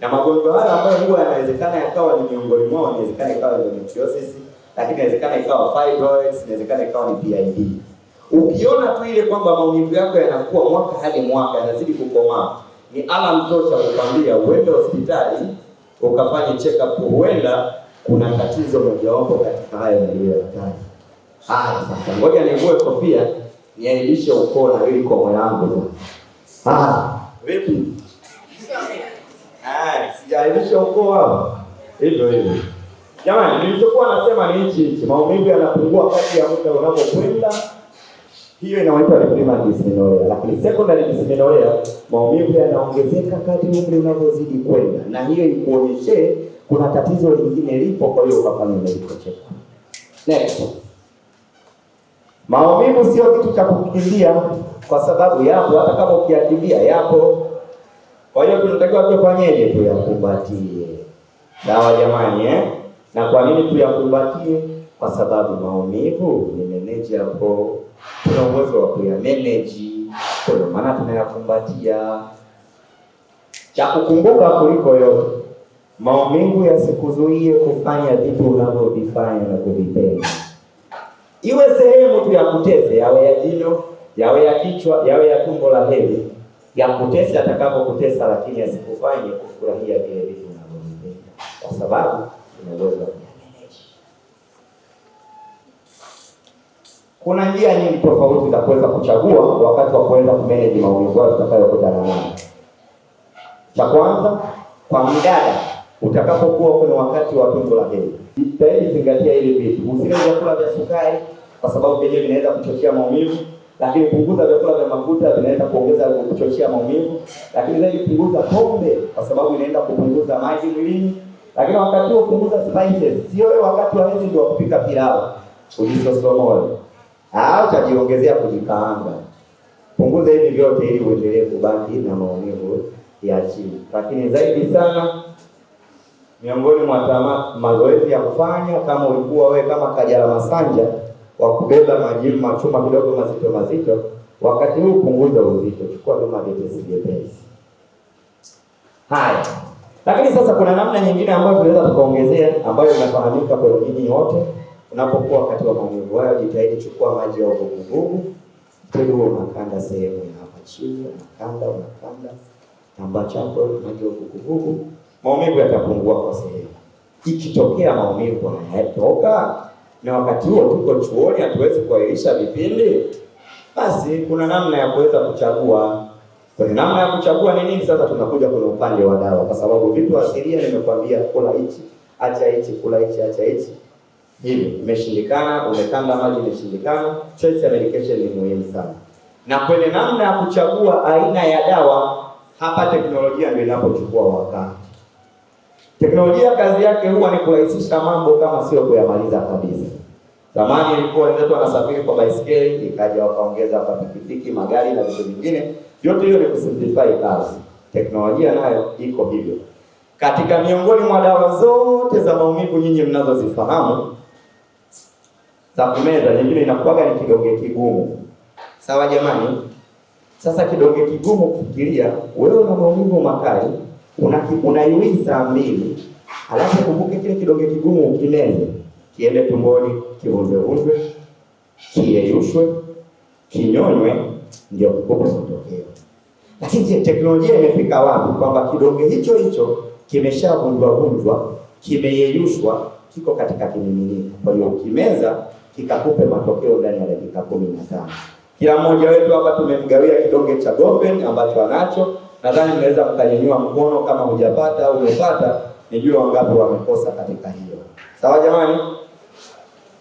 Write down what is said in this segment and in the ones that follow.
na magonjwa haya ambayo huwa yanawezekana yakawa ni miongoni mwao, inawezekana ikawa endometriosis, lakini inawezekana ikawa fibroids, inawezekana ikawa ni PID. Ukiona tu ile kwamba maumivu yako yanakuwa mwaka hadi mwaka yanazidi kukomaa, ni alarm tosha kukwambia uende hospitali ukafanye check up, huenda kuna tatizo mojawapo katika hayo niliyoyataja. Ah, sasa ngoja nivue kofia niailishe ukoo na ili komo yangu. Ah, vipi? Eh, sijaainisha ukoo wao. Hivyo hivyo. Jamani, nilichokuwa nasema ni hichi hichi. Maumivu yanapungua kati ya muda unapokwenda. Hiyo inaitwa primary dysmenorrhea. Lakini secondary dysmenorrhea, maumivu yanaongezeka kadri umri unavyozidi kwenda. Na hiyo ikuonyeshe kuna tatizo lingine lipo, kwa hiyo ukafanya medical check. Next. Maumivu sio kitu cha kukimbia kwa sababu yapo, hata kama ukiakimbia yapo. Kwa hiyo tunatakiwa tufanyeje? Tuyakumbatie dawa jamani, eh? Na kwa nini tuyakumbatie? Kwa sababu maumivu ni hapo, tuna uwezo wa kuyamanage, kwa maana tunayakumbatia. Cha kukumbuka kuliko yote, maumivu yasikuzuie kufanya vitu unavyovifanya na kuvipenda. Iwe sehemu tu ya kuteze, yawe ya jino, yawe ya kichwa, yawe ya tumbo la hedhi ya kutesa atakapokutesa, lakini asikufanye kufurahia vile vitu unavyovipenda, kwa sababu umeweza Kuna njia nyingi tofauti za kuweza kuchagua wakati wa kuweza kumeneji maumivu yako utakayokutana nayo. Cha kwanza, kwa mdada utakapokuwa kwenye wakati wa tumbo la hedhi, jitahidi zingatia hili vitu, usile vyakula vya sukari, kwa sababu vyenyewe vinaweza kuchochea maumivu lakini punguza vyakula vya mafuta, vinaenda kuongeza kuchochea maumivu, lakini zaidi punguza pombe, kwa sababu inaenda kupunguza maji mwilini, lakini wakati huo punguza spices. Sio wakati wa hizi ndio kupika pilau ujisosomoe, au ah, utajiongezea kujikaanga. Punguza hivi vyote ili uendelee kubaki na maumivu ya chini. Lakini zaidi sana miongoni mwa mazoezi ya kufanya, kama ulikuwa wewe kama Kajala Masanja wa kubeba majimu machuma kidogo mazito mazito. Wakati huu punguza uzito, chukua vyuma vyepesi vyepesi. Haya, lakini sasa kuna namna nyingine ambayo tunaweza tukaongezea, ambayo inafahamika kwa nyinyi wote. Unapokuwa wakati wa maumivu hayo, jitahidi chukua maji ya uvuguvugu, mwili huo unakanda sehemu ya hapa chini, unakanda unakanda namba chako, maji ya uvuguvugu, maumivu yatapungua kwa sehemu. Ikitokea maumivu hayatoka na wakati huo tuko chuoni, hatuwezi kuahirisha vipindi, basi kuna namna ya kuweza kuchagua. Kwenye namna ya kuchagua ni nini? Sasa tunakuja kwenye upande wa dawa, kwa sababu vitu asilia nimekwambia, kula hichi, acha hichi, kula hichi, acha hichi hivi imeshindikana, umekanda maji imeshindikana. Choice ya medication ni muhimu sana, na kwenye namna ya kuchagua aina ya dawa, hapa teknolojia ndio inapochukua wakati. Teknolojia kazi yake huwa ni kurahisisha mambo kama sio kuyamaliza kabisa. Zamani ilikuwa wenzetu wanasafiri kwa baisikeli, ikaja wakaongeza kwa pikipiki, magari na vitu vingine. Yote hiyo ni kusimplify kazi. Teknolojia nayo iko hivyo. Katika miongoni mwa dawa zote za maumivu nyinyi mnazozifahamu za kumeza, nyingine inakuwaga ni kidonge kigumu. Sawa jamani? Sasa kidonge kigumu kufikiria, wewe una maumivu makali unainui saa mbili, alafu kumbuke kile kidonge kigumu ukimeze kiende tumboni, kivunjwevunjwe, kiyeyushwe, kinyonywe, ndio kikopo kitokeo. Lakini teknolojia imefika wapi? Kwamba kidonge hicho hicho kimeshavunjwavunjwa, kimeyeyushwa, kiko katika kimiminika. Kwa hiyo ukimeza kikakupe matokeo ndani ya dakika kumi na tano. Kila mmoja wetu hapa tumemgawia kidonge cha Gofen ambacho anacho Nadhani mnaweza mkanyanyua mkono kama hujapata au umepata, nijue wangapi wamekosa katika hiyo. Sawa jamani?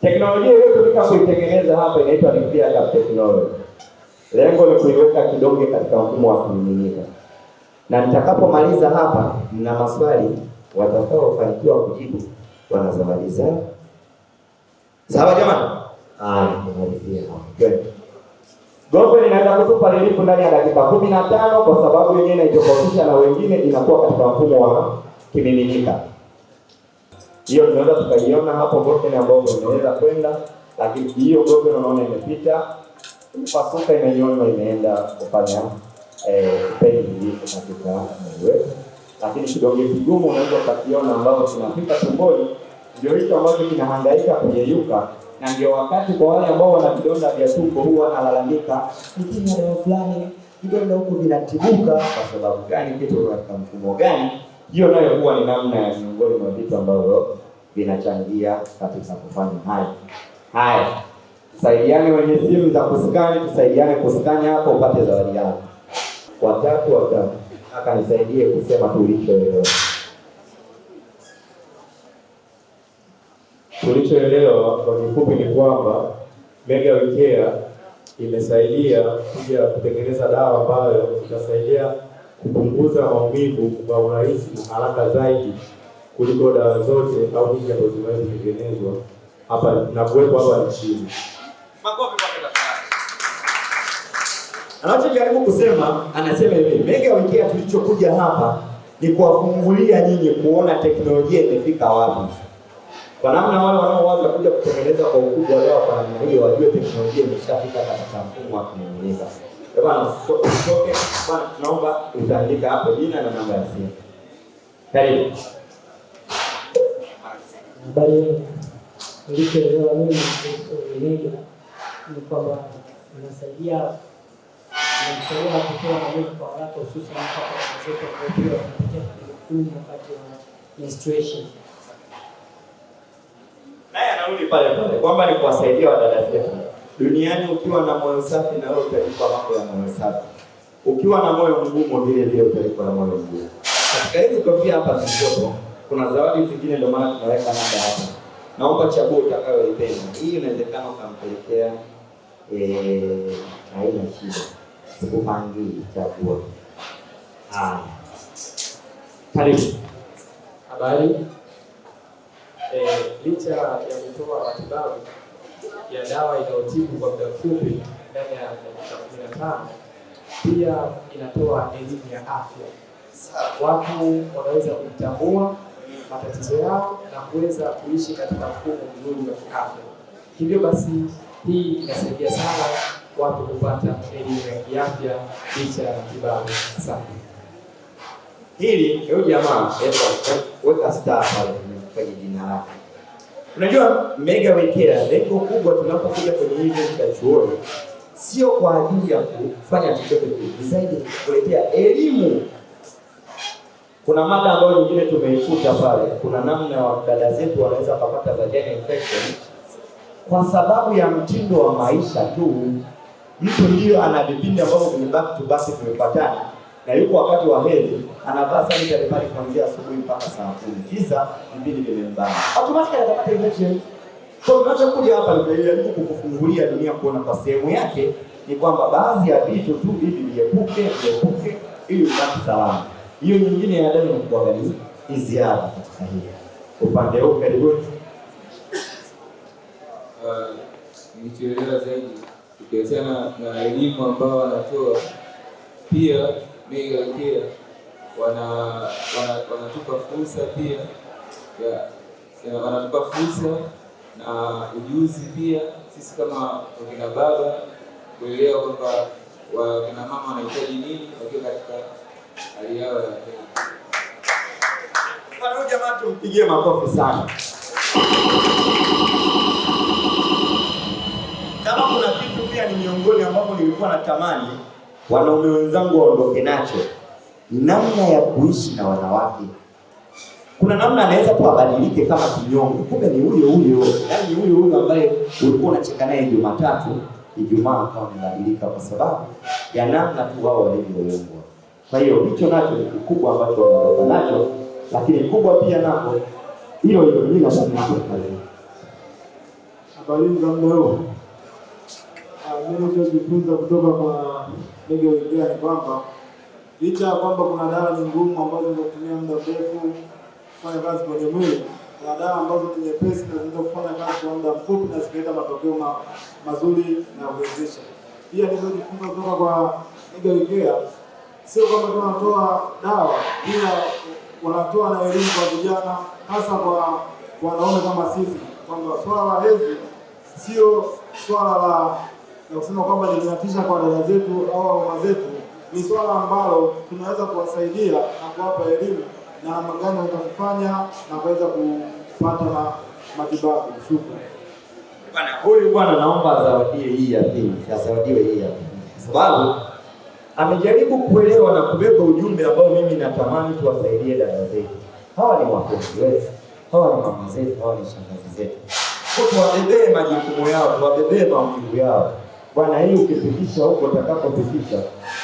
Teknolojia iliyotumika kuitengeneza hapa inaitwa nuclear gap technology. Lengo ni kuiweka kidonge katika mfumo wa kumiminika, na nitakapomaliza hapa, mna maswali watakaofanikiwa kujibu wanazamaliza. Sawa jamani? Ah, nimalizia hapo. Gospel inaweza kutupa relifu ndani ya dakika kumi na tano kwa sababu yenyewe inaitofautisha na wengine, inakuwa katika mfumo wa kimiminika. Hiyo tunaweza tukaiona hapo gospel ambayo unaweza kwenda, lakini hiyo gospel unaona imepita pasuka, imenyonywa, imeenda kufanya pei nyingine katika mwili wetu. Lakini kidonge kigumu unaweza ukakiona, ambao tunafika tumboni, ndio hicho ambacho kinahangaika kuyeyuka na ndio wakati kwa wale ambao wana vidonda vya tumbo huwa wanalalamika, lakini leo fulani vidonda huko vinatibuka. Kwa sababu gani? Kitu katika mfumo gani? Hiyo nayo huwa ni namna ya miongoni mwa vitu ambavyo vinachangia katika kufanya hayo haya. Tusaidiane wenye simu za kusikani, tusaidiane kusikanya hapo upate zawadi yako. Watatu watatu, akanisaidie kusema leo. Tulichoelewa kwa kifupi ni kwamba Mega wikea imesaidia kuja kutengeneza dawa ambayo itasaidia kupunguza maumivu kwa urahisi na haraka zaidi kuliko dawa zote au nyingi ambazo zimewahi kutengenezwa hapa na kuwekwa hapa nchini. Anachojaribu kusema, anasema hivi, Mega wikea tulichokuja hapa ni kuwafungulia nyinyi kuona teknolojia imefika wapi. Kwa namna wale wanaowaza kuja kutengeneza kwa ukubwa leo kwa namna hiyo, wajue teknolojia imeshafika katika mfumo wa kuning'iniza. Eh, bwana, usitoke bwana, tunaomba utaandika hapo jina na namba ya simu. Karibu. Habari nilichoelewa mimi kuhusu ni kwamba inasaidia msaidia kutoa maelezo kwa watu hususan kwa wazee kwa kupitia kwa wa menstruation naye anarudi pale pale kwamba ni kuwasaidia wadada zetu duniani. Ukiwa na moyo safi, na wewe utalipwa mambo ya moyo safi. Ukiwa na moyo mgumu, vile vile utalipwa na moyo mgumu. Katika hizi kofia hapa zilizopo, kuna zawadi zingine, ndio maana tunaweka namba hapa. Naomba chaguo utakayoipenda. Hii inawezekana ukampelekea eh, haina shida, sikupangii chaguo. Haya, karibu. Habari. Eh, licha ya kutoa matibabu ya dawa inayotibu kwa muda mfupi ndani ya dakika kumi na tano pia inatoa elimu ya afya. Watu wanaweza kutambua matatizo yao na kuweza kuishi katika mfumo mzuri wa kiafya. Hivyo basi, hii inasaidia sana watu kupata elimu ya kiafya licha ya matibabu sana. Hili huyu jamaa weka staa pale kwenye jina lako. Unajua mega wekea, lengo kubwa tunapokuja kwenye event ya chuoni sio kwa ajili ya kufanya chochote tu, zaidi kuletea elimu. Kuna mada ambayo nyingine tumeifuta pale, kuna namna wa dada zetu wanaweza wakapata vaginal infection kwa sababu ya mtindo wa maisha tu. Mtu ndiyo ana vipindi ambavyo ni back to back tumepatana na yuko wakati wa hedhi anavaa sanitary pad kuanzia asubuhi mpaka saa kumi. Kisa mbili vimembana, automatically atapata infection. Kwa tunachokuja hapa ni kujaribu kukufungulia dunia kuona kwa sehemu yake ni kwamba baadhi ya vitu tu hivi viepuke, viepuke ili ubaki salama. Hiyo nyingine ya damu kuangaliza hizi hapa katika hili upande huu. Karibu uh, nikieleza zaidi ukiachana na elimu ambayo anatoa pia mega care wana, wana, wanatupa fursa pia ya, wanatupa fursa na ujuzi pia sisi kama wakina baba kuelewa kwamba wakina mama wanahitaji nini wakiwa katika hali yao ya Halo jamaa, tumpigie makofi sana. Kama kuna kitu pia ni miongoni ambapo nilikuwa natamani wanaume wenzangu waondoke nacho, namna ya kuishi na wanawake. Kuna namna anaweza kuabadilike abadilike kama kinyongo, kumbe ni huyo huyo, yaani huyo huyo ambaye ulikuwa unacheka naye Jumatatu, Ijumaa akawa amebadilika kwa sababu ya namna tu wao walivyoumbwa. Kwa hiyo hicho nacho ni kikubwa ambacho wanaondoka nacho, lakini kubwa pia nako hilo hilo mimi nasema hapo kazi. Habari za leo. Ah, mimi ndio kutoka kwa ningewekea ni kwamba licha ya kwamba kuna dawa ni ngumu ambazo zinatumia muda mrefu kufanya kazi kwenye mwili, kuna dawa ambazo ni nyepesi na zinaweza kufanya kazi kwa muda mfupi na zikaleta matokeo mazuri na kuwezesha. Pia nilizojifunza kutoka kwa ningewekea, sio kwamba tunatoa dawa, pia wanatoa na elimu kwa vijana, hasa kwa wanaume kama sisi, kwamba swala la hedhi sio swala la na kusema kwamba linatisha kwa dada zetu au mama zetu, ni swala ambalo tunaweza kuwasaidia na kuwapa elimu na namna gani kufanya na kuweza kupata matibabu. Shukrani bwana. Huyu bwana naomba azawadiwe hii ya pili, azawadiwe hii ya pili, sababu amejaribu kuelewa na kubeba ujumbe ambao mimi natamani tuwasaidie dada zetu. Hawa ni wapenzi wetu, hawa ni mama zetu, hawa ni shangazi zetu, tuwabebee majukumu yao, tuwabebee maumivu yao. Bwana, hii ukifikisha huko utakapofikisha,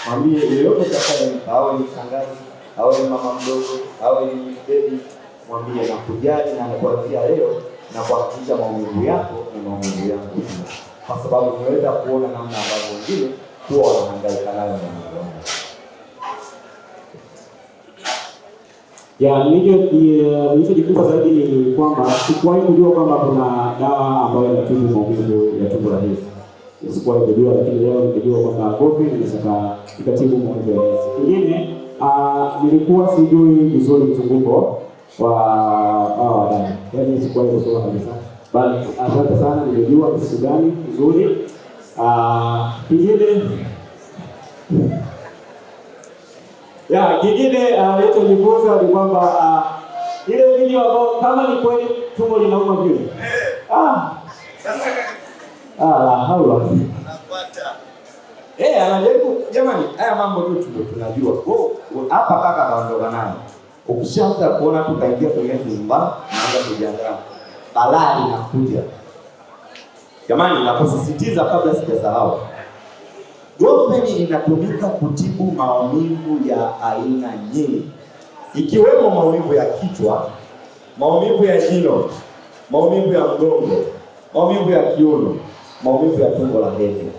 mwambie yeyote atakaye, awe ni shangazi, awe ni mama mdogo, awe ni bebi, mwambie na kujali na nakuanzia leo na kuhakikisha maumivu yako na maumivu yangu, kwa sababu nimeweza kuona namna ambavyo wengine huwa wanahangaika nayo na ya nilichojifunza zaidi ni kwamba sikuwahi kujua kwamba kuna dawa ambayo inatibu maumivu ya tumbo la hedhi usikuwa ukijua, lakini leo ukijua kwamba kofi nimesaka ikatibu maumivu ya hisi. Kingine ah, nilikuwa sijui vizuri mzunguko wa hawa ah, wadada, yaani sikuwa kusoma kabisa, bali asante sana, nimejua kisu gani vizuri. Kingine ah, ya kingine nilichojifunza ni kwamba ile video ambayo kama ni kweli tumbo linauma vile ah Ah, la haula. Eh, anajaribu jamani, haya mambo tu tunajua. Oh, hapa kaka anaondoka nani? Ukishaanza kuona tu kaingia kwenye nyumba, naanza kujiandaa. Balaa inakuja. Jamani, naposisitiza kabla sijasahau. Ibuprofen inatumika kutibu maumivu ya aina nyingi, ikiwemo maumivu ya kichwa, maumivu ya jino, maumivu ya mgongo, maumivu ya kiuno maumivu ya tumbo la hedhi,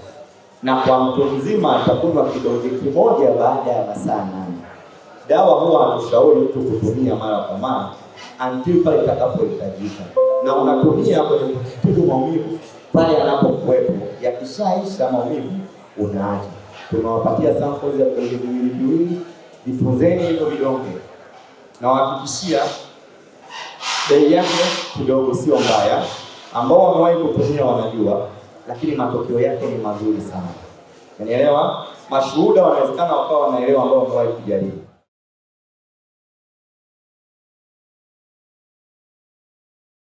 na kwa mtu mzima atakunywa kidonge kimoja baada ya masaa nane. Dawa huwa anashauri mtu kutumia mara kwa mara until pale itakapohitajika, na unatumia kwenye kutibu maumivu pale yanapokuwepo. Yakishaisha maumivu unaacha. Tunawapatia samples ya vidonge viwili viwili, vitunzeni hivyo vidonge na wahakikishia bei yake kidogo sio mbaya. Ambao wamewahi kutumia wanajua lakini matokeo yake ni mazuri sana. Unaelewa? Mashuhuda wanawezekana wakawa wanaelewa ambao wamewahi kujaribu